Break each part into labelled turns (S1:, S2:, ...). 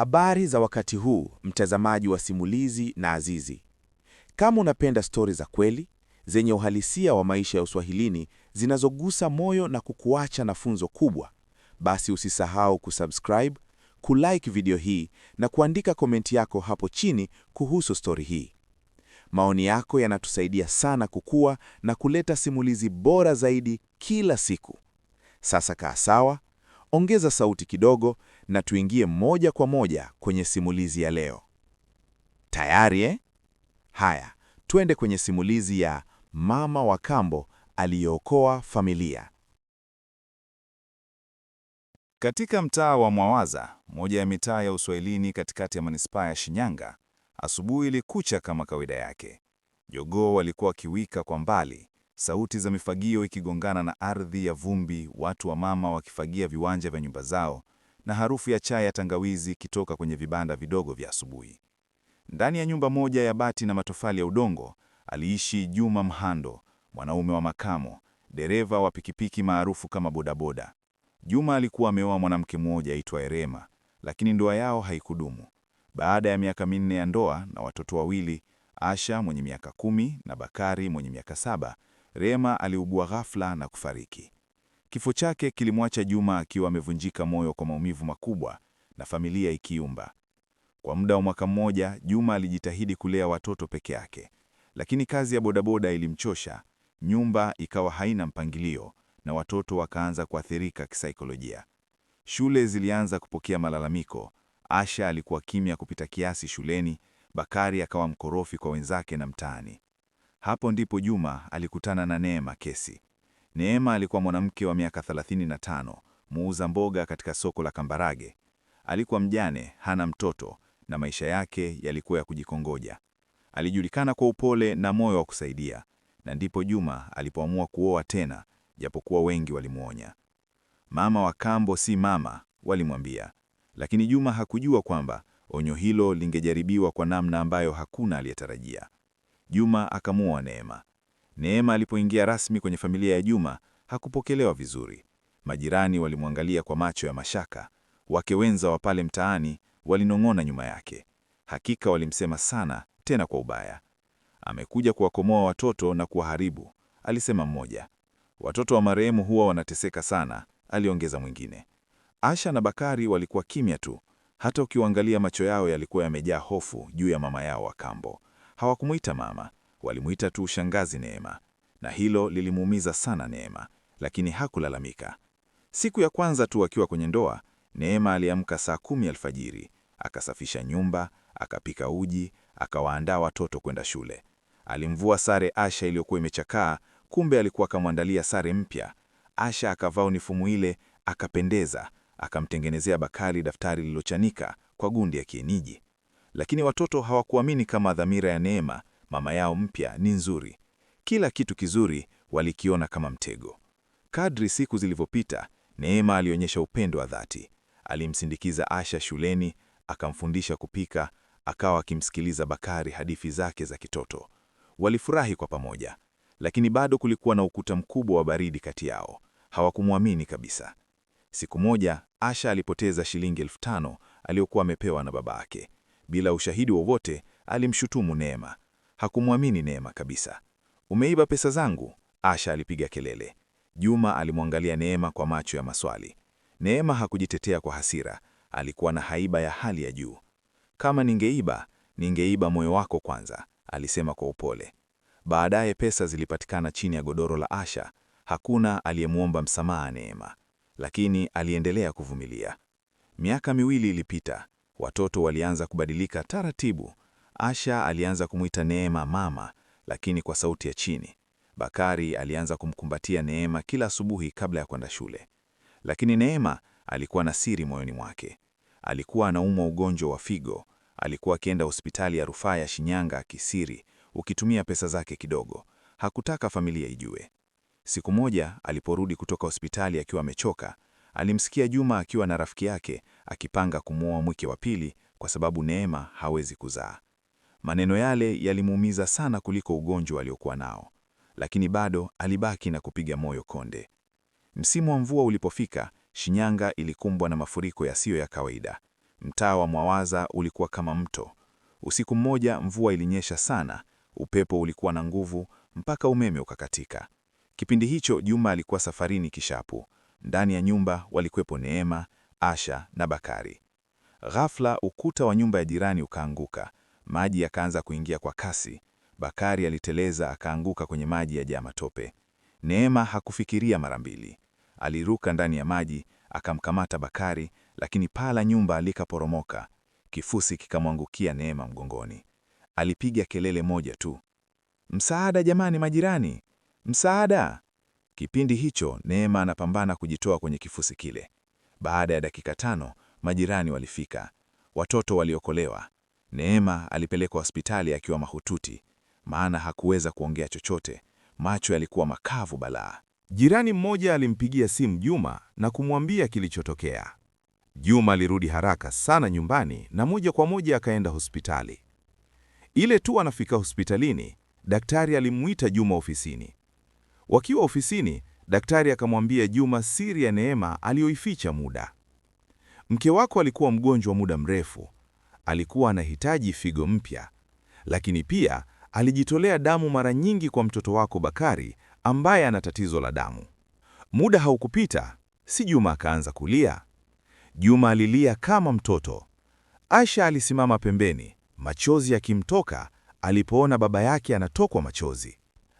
S1: Habari za wakati huu, mtazamaji wa simulizi na Azizi. Kama unapenda stori za kweli zenye uhalisia wa maisha ya Uswahilini zinazogusa moyo na kukuacha na funzo kubwa, basi usisahau kusubscribe, kulike video hii na kuandika komenti yako hapo chini kuhusu stori hii. Maoni yako yanatusaidia sana kukua na kuleta simulizi bora zaidi kila siku. Sasa kaa sawa, ongeza sauti kidogo na tuingie moja kwa moja kwenye simulizi ya leo. Tayari eh? Haya, twende kwenye simulizi ya mama wa kambo aliyeokoa familia.
S2: Katika mtaa wa Mwawaza, moja ya mitaa ya Uswahilini katikati ya manispaa ya Shinyanga, asubuhi ilikucha kama kawaida yake. Jogoo walikuwa wakiwika kwa mbali, sauti za mifagio ikigongana na ardhi ya vumbi, watu wa mama wakifagia viwanja vya nyumba zao, na harufu ya chai ya tangawizi kitoka kwenye vibanda vidogo vya asubuhi. Ndani ya nyumba moja ya bati na matofali ya udongo aliishi Juma Mhando, mwanaume wa makamo, dereva wa pikipiki maarufu kama bodaboda. Juma alikuwa ameoa mwanamke mmoja aitwa Erema, lakini ndoa yao haikudumu. Baada ya miaka minne ya ndoa na watoto wawili, Asha mwenye miaka kumi na Bakari mwenye miaka saba, Rema aliugua ghafla na kufariki. Kifo chake kilimwacha Juma akiwa amevunjika moyo kwa maumivu makubwa na familia ikiumba. Kwa muda wa mwaka mmoja, Juma alijitahidi kulea watoto peke yake, lakini kazi ya bodaboda ilimchosha, nyumba ikawa haina mpangilio na watoto wakaanza kuathirika kisaikolojia. Shule zilianza kupokea malalamiko. Asha alikuwa kimya kupita kiasi shuleni, Bakari akawa mkorofi kwa wenzake na mtaani. Hapo ndipo Juma alikutana na Neema Kesi, Neema alikuwa mwanamke wa miaka 35, muuza mboga katika soko la Kambarage. Alikuwa mjane, hana mtoto na maisha yake yalikuwa ya kujikongoja. Alijulikana kwa upole na moyo wa kusaidia, na ndipo Juma alipoamua kuoa tena, japokuwa wengi walimwonya. Mama wa kambo si mama, walimwambia, lakini Juma hakujua kwamba onyo hilo lingejaribiwa kwa namna ambayo hakuna aliyetarajia. Juma akamuoa Neema Neema alipoingia rasmi kwenye familia ya Juma hakupokelewa vizuri. Majirani walimwangalia kwa macho ya mashaka, wake wenza wa pale mtaani walinong'ona nyuma yake. Hakika walimsema sana, tena kwa ubaya. Amekuja kuwakomoa watoto na kuwaharibu, alisema mmoja. Watoto wa marehemu huwa wanateseka sana, aliongeza mwingine. Asha na Bakari walikuwa kimya tu, hata ukiwaangalia macho yao yalikuwa yamejaa hofu juu ya mama yao wa kambo. Hawakumuita mama, Walimuita tu shangazi Neema, na hilo lilimuumiza sana Neema, lakini hakulalamika. Siku ya kwanza tu akiwa kwenye ndoa, Neema aliamka saa kumi alfajiri, akasafisha nyumba, akapika uji, akawaandaa watoto kwenda shule. Alimvua sare Asha iliyokuwa imechakaa, kumbe alikuwa akamwandalia sare mpya. Asha akavaa unifumu ile, akapendeza, akamtengenezea Bakari daftari lililochanika kwa gundi ya kienyeji. Lakini watoto hawakuamini kama dhamira ya Neema mama yao mpya ni nzuri. Kila kitu kizuri walikiona kama mtego. Kadri siku zilivyopita, Neema alionyesha upendo wa dhati. Alimsindikiza Asha shuleni, akamfundisha kupika, akawa akimsikiliza Bakari hadithi zake za kitoto. Walifurahi kwa pamoja, lakini bado kulikuwa na ukuta mkubwa wa baridi kati yao. Hawakumwamini kabisa. Siku moja Asha alipoteza shilingi elfu tano aliyokuwa amepewa na baba yake. Bila ushahidi wowote, alimshutumu Neema. Hakumwamini Neema kabisa. Umeiba pesa zangu? Asha alipiga kelele. Juma alimwangalia Neema kwa macho ya maswali. Neema hakujitetea kwa hasira, alikuwa na haiba ya hali ya juu. Kama ningeiba, ningeiba moyo wako kwanza, alisema kwa upole. Baadaye pesa zilipatikana chini ya godoro la Asha. Hakuna aliyemwomba msamaha Neema, lakini aliendelea kuvumilia. Miaka miwili ilipita, watoto walianza kubadilika taratibu. Asha alianza kumwita Neema mama, lakini kwa sauti ya chini. Bakari alianza kumkumbatia Neema kila asubuhi kabla ya kwenda shule, lakini Neema alikuwa na siri moyoni mwake. Alikuwa anaumwa ugonjwa wa figo. Alikuwa akienda hospitali ya rufaa ya Shinyanga kisiri, ukitumia pesa zake kidogo. Hakutaka familia ijue. Siku moja aliporudi kutoka hospitali akiwa amechoka, alimsikia Juma akiwa na rafiki yake akipanga kumwoa mke wa pili, kwa sababu Neema hawezi kuzaa. Maneno yale yalimuumiza sana kuliko ugonjwa aliokuwa nao, lakini bado alibaki na kupiga moyo konde. Msimu wa mvua ulipofika, Shinyanga ilikumbwa na mafuriko yasiyo ya kawaida. Mtaa wa Mwawaza ulikuwa kama mto. Usiku mmoja mvua ilinyesha sana, upepo ulikuwa na nguvu mpaka umeme ukakatika. Kipindi hicho Juma alikuwa safarini Kishapu. Ndani ya nyumba walikuwepo Neema, Asha na Bakari. Ghafla ukuta wa nyumba ya jirani ukaanguka, Maji yakaanza kuingia kwa kasi. Bakari aliteleza akaanguka kwenye maji jaa matope. Neema hakufikiria mara mbili, aliruka ndani ya maji akamkamata Bakari, lakini paa la nyumba likaporomoka, kifusi kikamwangukia Neema mgongoni. Alipiga kelele moja tu, msaada jamani, majirani, msaada! Kipindi hicho Neema anapambana kujitoa kwenye kifusi kile. Baada ya dakika tano majirani walifika, watoto waliokolewa, Neema alipelekwa hospitali akiwa mahututi, maana hakuweza kuongea chochote. Macho yalikuwa makavu balaa.
S1: Jirani mmoja alimpigia simu Juma na kumwambia kilichotokea. Juma alirudi haraka sana nyumbani na moja kwa moja akaenda hospitali. Ile tu anafika hospitalini, daktari alimuita Juma ofisini. Wakiwa ofisini, daktari akamwambia Juma siri ya Neema aliyoificha muda. Mke wako alikuwa mgonjwa muda mrefu alikuwa anahitaji figo mpya, lakini pia alijitolea damu mara nyingi kwa mtoto wako Bakari ambaye ana tatizo la damu. Muda haukupita, si Juma akaanza kulia. Juma alilia kama mtoto. Aisha alisimama pembeni, machozi yakimtoka alipoona baba yake anatokwa machozi.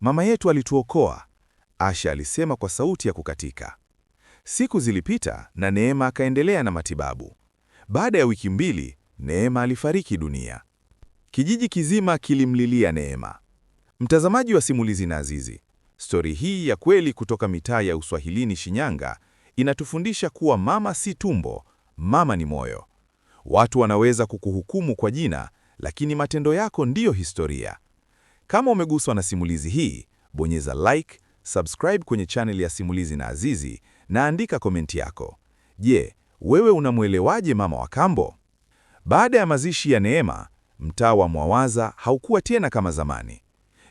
S1: Mama yetu alituokoa, Asha alisema kwa sauti ya kukatika. Siku zilipita na Neema akaendelea na matibabu. Baada ya wiki mbili, Neema alifariki dunia. Kijiji kizima kilimlilia Neema. Mtazamaji wa Simulizi na Azizi, stori hii ya kweli kutoka mitaa ya Uswahilini Shinyanga inatufundisha kuwa mama si tumbo, mama ni moyo. Watu wanaweza kukuhukumu kwa jina, lakini matendo yako ndiyo historia. Kama umeguswa na simulizi hii, bonyeza like, subscribe kwenye channel ya Simulizi na Azizi na andika komenti yako. Je, wewe unamwelewaje mama wa kambo? Baada ya mazishi ya Neema, mtaa wa Mwawaza haukuwa tena kama zamani.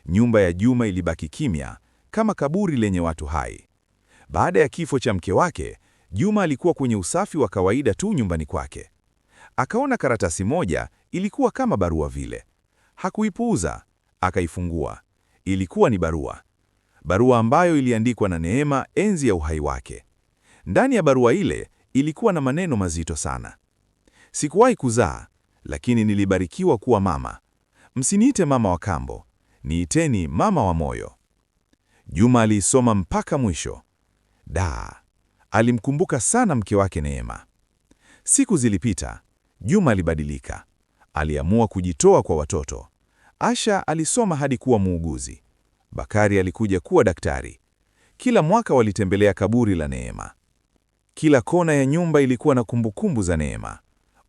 S1: Nyumba ya Juma ilibaki kimya kama kaburi lenye watu hai. Baada ya kifo cha mke wake, Juma alikuwa kwenye usafi wa kawaida tu nyumbani kwake. Akaona karatasi moja, ilikuwa kama barua vile. Hakuipuuza, akaifungua. Ilikuwa ni barua. Barua ambayo iliandikwa na Neema enzi ya uhai wake. Ndani ya barua ile ilikuwa na maneno mazito sana. Sikuwahi kuzaa, lakini nilibarikiwa kuwa mama. Msiniite mama wa kambo, niiteni mama wa moyo. Juma aliisoma mpaka mwisho. Da, alimkumbuka sana mke wake Neema. Siku zilipita, Juma alibadilika. Aliamua kujitoa kwa watoto. Asha alisoma hadi kuwa muuguzi. Bakari alikuja kuwa daktari. Kila mwaka walitembelea kaburi la Neema. Kila kona ya nyumba ilikuwa na kumbukumbu za Neema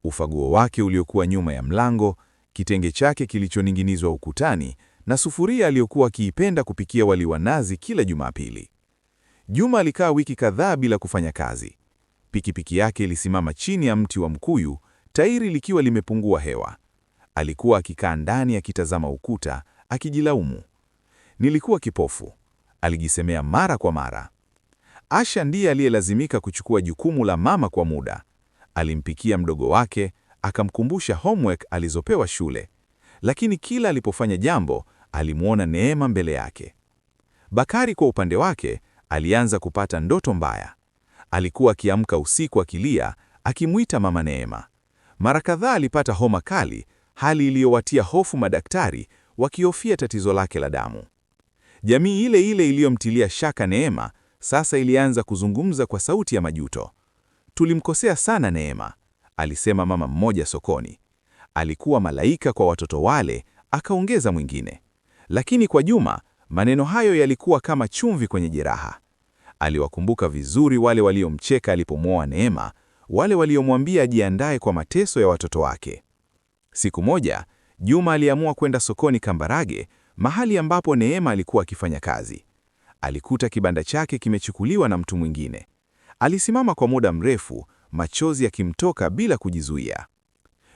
S1: ufaguo wake uliokuwa nyuma ya mlango, kitenge chake kilichoning'inizwa ukutani na sufuria aliyokuwa akiipenda kupikia wali wa nazi kila Jumapili. Juma alikaa wiki kadhaa bila kufanya kazi. Pikipiki yake ilisimama chini ya mti wa mkuyu, tairi likiwa limepungua hewa. Alikuwa akikaa ndani akitazama ukuta, akijilaumu. Nilikuwa kipofu, alijisemea mara kwa mara. Asha ndiye aliyelazimika kuchukua jukumu la mama kwa muda. Alimpikia mdogo wake, akamkumbusha homework alizopewa shule, lakini kila alipofanya jambo alimwona Neema mbele yake. Bakari kwa upande wake alianza kupata ndoto mbaya. Alikuwa akiamka usiku akilia, akimwita mama Neema. Mara kadhaa alipata homa kali, hali iliyowatia hofu madaktari wakihofia tatizo lake la damu. Jamii ile ile iliyomtilia shaka Neema sasa ilianza kuzungumza kwa sauti ya majuto. Tulimkosea sana Neema, alisema mama mmoja sokoni. Alikuwa malaika kwa watoto wale, akaongeza mwingine. Lakini kwa Juma maneno hayo yalikuwa kama chumvi kwenye jeraha. Aliwakumbuka vizuri wale waliomcheka alipomwoa Neema, wale waliomwambia ajiandae kwa mateso ya watoto wake. Siku moja Juma aliamua kwenda sokoni Kambarage, mahali ambapo Neema alikuwa akifanya kazi. Alikuta kibanda chake kimechukuliwa na mtu mwingine. Alisimama kwa muda mrefu, machozi yakimtoka bila kujizuia.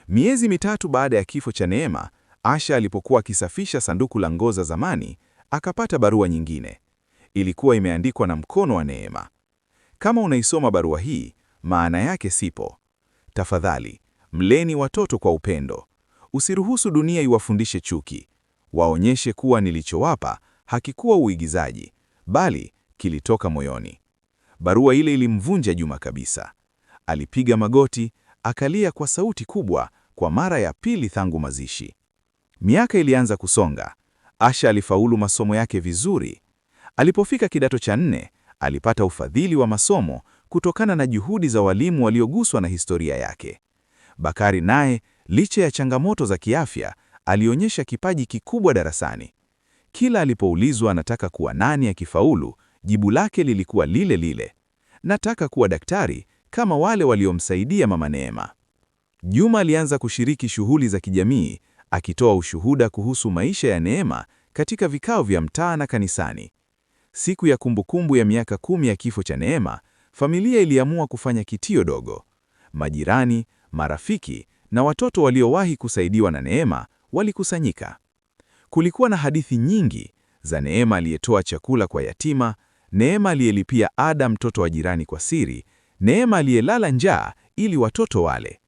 S1: Miezi mitatu baada ya kifo cha Neema, Asha alipokuwa akisafisha sanduku la nguo za zamani, akapata barua nyingine. Ilikuwa imeandikwa na mkono wa Neema. Kama unaisoma barua hii, maana yake sipo. Tafadhali, mleni watoto kwa upendo. Usiruhusu dunia iwafundishe chuki. Waonyeshe kuwa nilichowapa hakikuwa uigizaji, bali kilitoka moyoni. Barua ile ilimvunja Juma kabisa. Alipiga magoti, akalia kwa sauti kubwa kwa mara ya pili tangu mazishi. Miaka ilianza kusonga. Asha alifaulu masomo yake vizuri. Alipofika kidato cha nne, alipata ufadhili wa masomo kutokana na juhudi za walimu walioguswa na historia yake. Bakari naye, licha ya changamoto za kiafya, alionyesha kipaji kikubwa darasani. Kila alipoulizwa anataka kuwa nani akifaulu, Jibu lake lilikuwa lile lile, nataka kuwa daktari kama wale waliomsaidia mama Neema. Juma alianza kushiriki shughuli za kijamii, akitoa ushuhuda kuhusu maisha ya Neema katika vikao vya mtaa na kanisani. Siku ya kumbukumbu ya miaka kumi ya kifo cha Neema, familia iliamua kufanya kitio dogo. Majirani, marafiki na watoto waliowahi kusaidiwa na Neema walikusanyika. Kulikuwa na hadithi nyingi za Neema aliyetoa chakula kwa yatima, Neema aliyelipia ada mtoto wa jirani kwa siri, Neema aliyelala njaa ili watoto wale.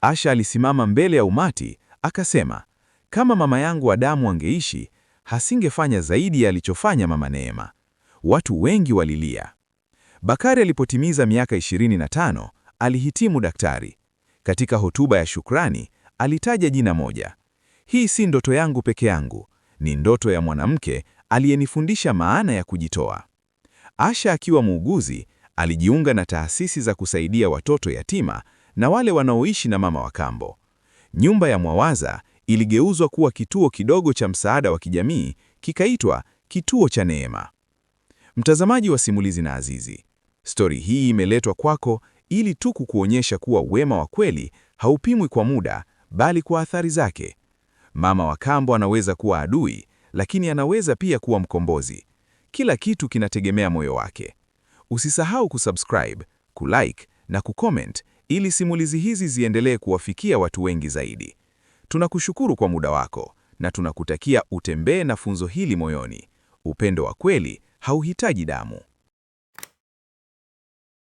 S1: Asha alisimama mbele ya umati akasema, kama mama yangu adamu angeishi, hasingefanya zaidi ya alichofanya mama Neema. Watu wengi walilia. Bakari alipotimiza miaka 25 alihitimu daktari. Katika hotuba ya shukrani alitaja jina moja: hii si ndoto yangu peke yangu, ni ndoto ya mwanamke aliyenifundisha maana ya kujitoa. Asha akiwa muuguzi, alijiunga na taasisi za kusaidia watoto yatima na wale wanaoishi na mama wa kambo. Nyumba ya Mwawaza iligeuzwa kuwa kituo kidogo cha msaada wa kijamii, kikaitwa Kituo cha Neema. Mtazamaji wa Simulizi na Azizi, stori hii imeletwa kwako ili tu kukuonyesha kuwa wema wa kweli haupimwi kwa muda, bali kwa athari zake. Mama wa kambo anaweza kuwa adui, lakini anaweza pia kuwa mkombozi. Kila kitu kinategemea moyo wake. Usisahau kusubscribe, kulike na kucomment ili simulizi hizi ziendelee kuwafikia watu wengi zaidi. Tunakushukuru kwa muda wako na tunakutakia utembee na funzo hili moyoni. Upendo wa kweli hauhitaji damu.